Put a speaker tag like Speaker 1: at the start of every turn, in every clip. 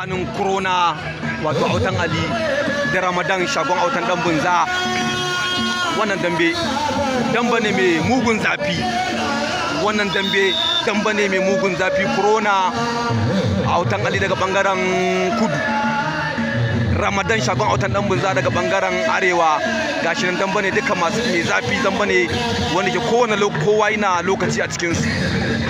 Speaker 1: tsakanin corona wato autan ali da ramadan shagon autan dan bunza wannan dambe damba ne mai mugun zafi wannan dambe damba ne mai mugun zafi corona autan ali daga bangaren kudu ramadan shagon autan dan bunza daga bangaren arewa gashi nan damba ne duka masu mai zafi damba ne wanda ke kowane kowa yana lokaci a cikinsu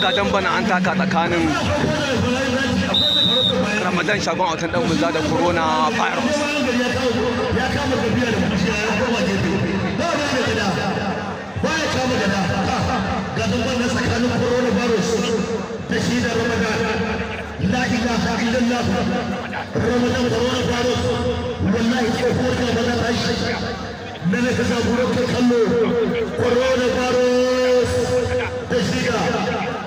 Speaker 1: ga dan bana an taka tsakanin ramadan shagon autan dan munza da corona virus da shi da ramadan لا اله الا الله رمضان قرون فاروق والله كفور كما تعيش من كذا بروك Coronavirus da فاروق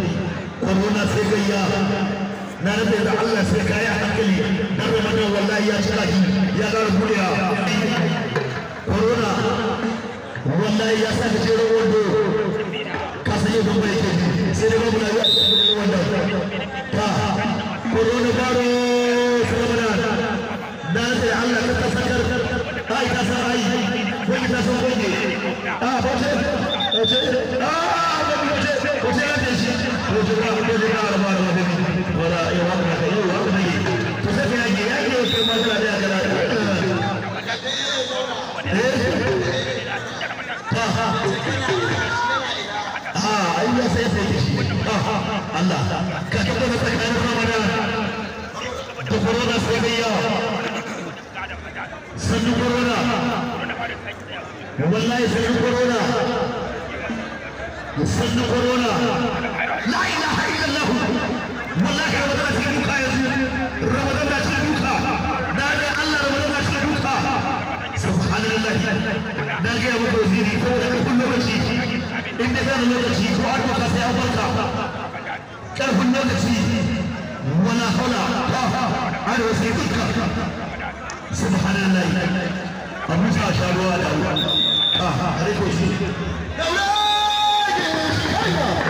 Speaker 1: corona sai gayya na rabe da Allah sai kayi hankali dan Ramadan wallahi ya shiga ya ƙara buɗewa corona wallahi ya sa ka jero wando ka san yadda ba yake sai dai babu lafiya wanda ta corona baro Ramadan na rabe da Allah ka sakar ai ka san ai ko ki ta san ko ne a ba ce ba ce تا جي ڪار بار جو وراي وراي تو سهي آهي ته ڪي كورونا ٻڌلائي كورونا لا اله الا الله والله رمضان اچھا بھوکا ہے رمضان اچھا بھوکا دار اللہ رمضان اچھا بھوکا سبحان الله دار کے ابو وزیری کو كل لوكشي ان كان لوكشي سؤال وقاسي او بركه كان كل لوكشي ولا حول انا وسيتك سبحان الله ابو شاشا رواه الله اه عرفوا شيء الله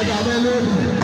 Speaker 1: Agora é louco.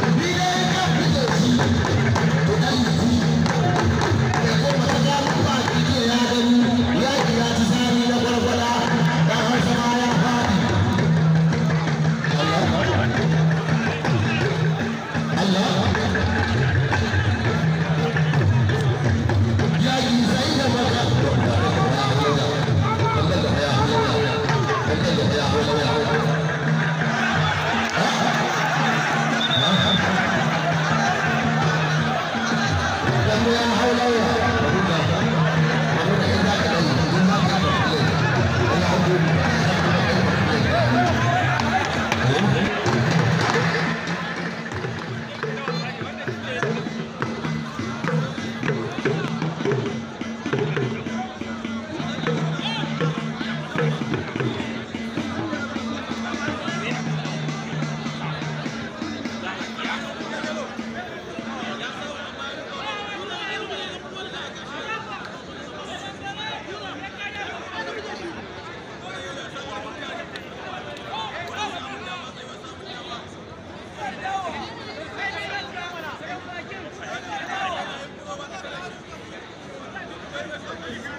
Speaker 1: Thank you.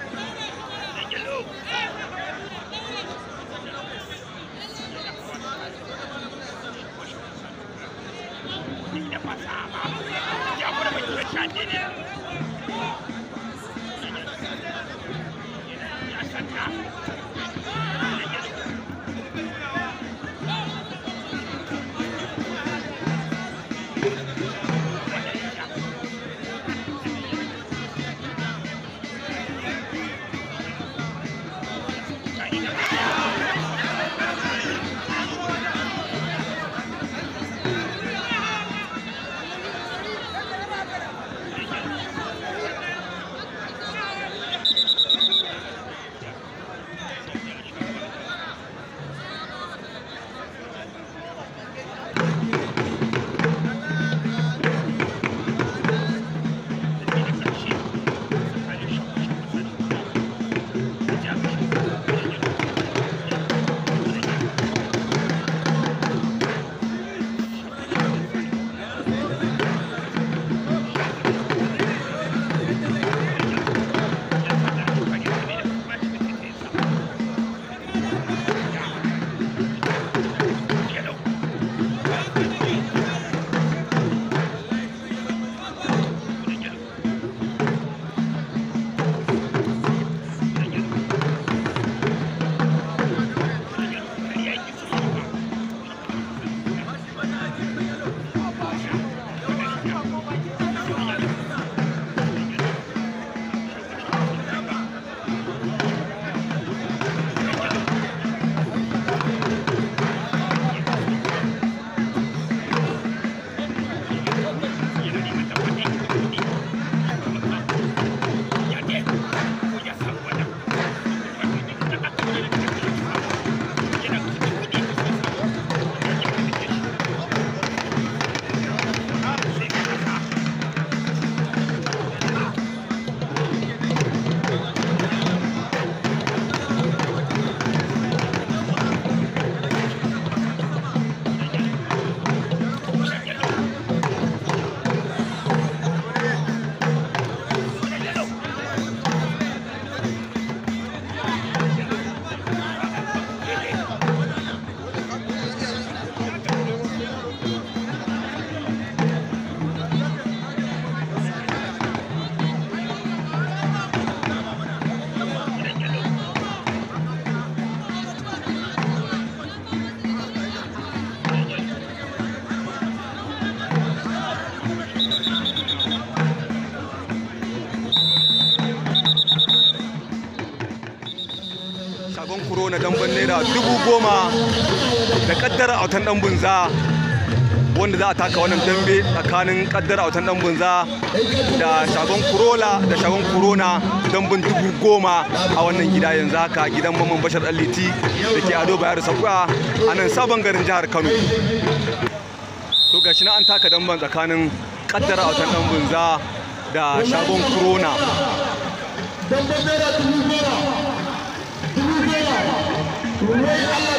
Speaker 1: da dubu goma da kaddara autan dan bunza wanda za a taka wannan dambe tsakanin kaddara autan dan bunza da shagon kurola da shagon kurona dambun dubu goma a wannan gida yanzu haka gidan mamman bashar aliti da ke ado bayar sauka a nan sabon garin jihar kano to gashi na an taka damban tsakanin
Speaker 2: kaddara autan dan
Speaker 1: bunza da shagon kurona Obrigado.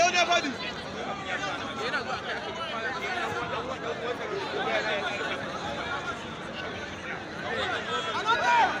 Speaker 1: milhão, né, Valdir? Arrepiado.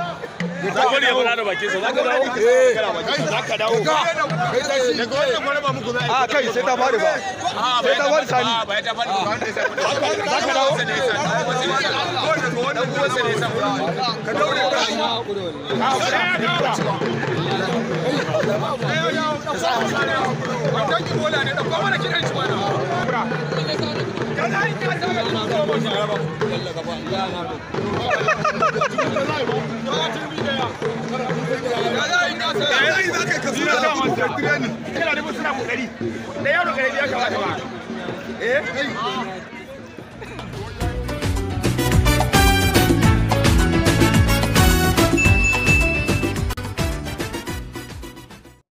Speaker 1: za ka dawo da bakin sa za ka dawo za ka dawo kai ta shi daga wannan gore ba muku za a kai sai ta fare ba sai ta fare sani ba ya ta fare za ka dawo wannan gore sai ne sa ka dawo da kai a ka dawo ka sa ka dawo wannan gore ne da da yaro gare ya kamata ba eh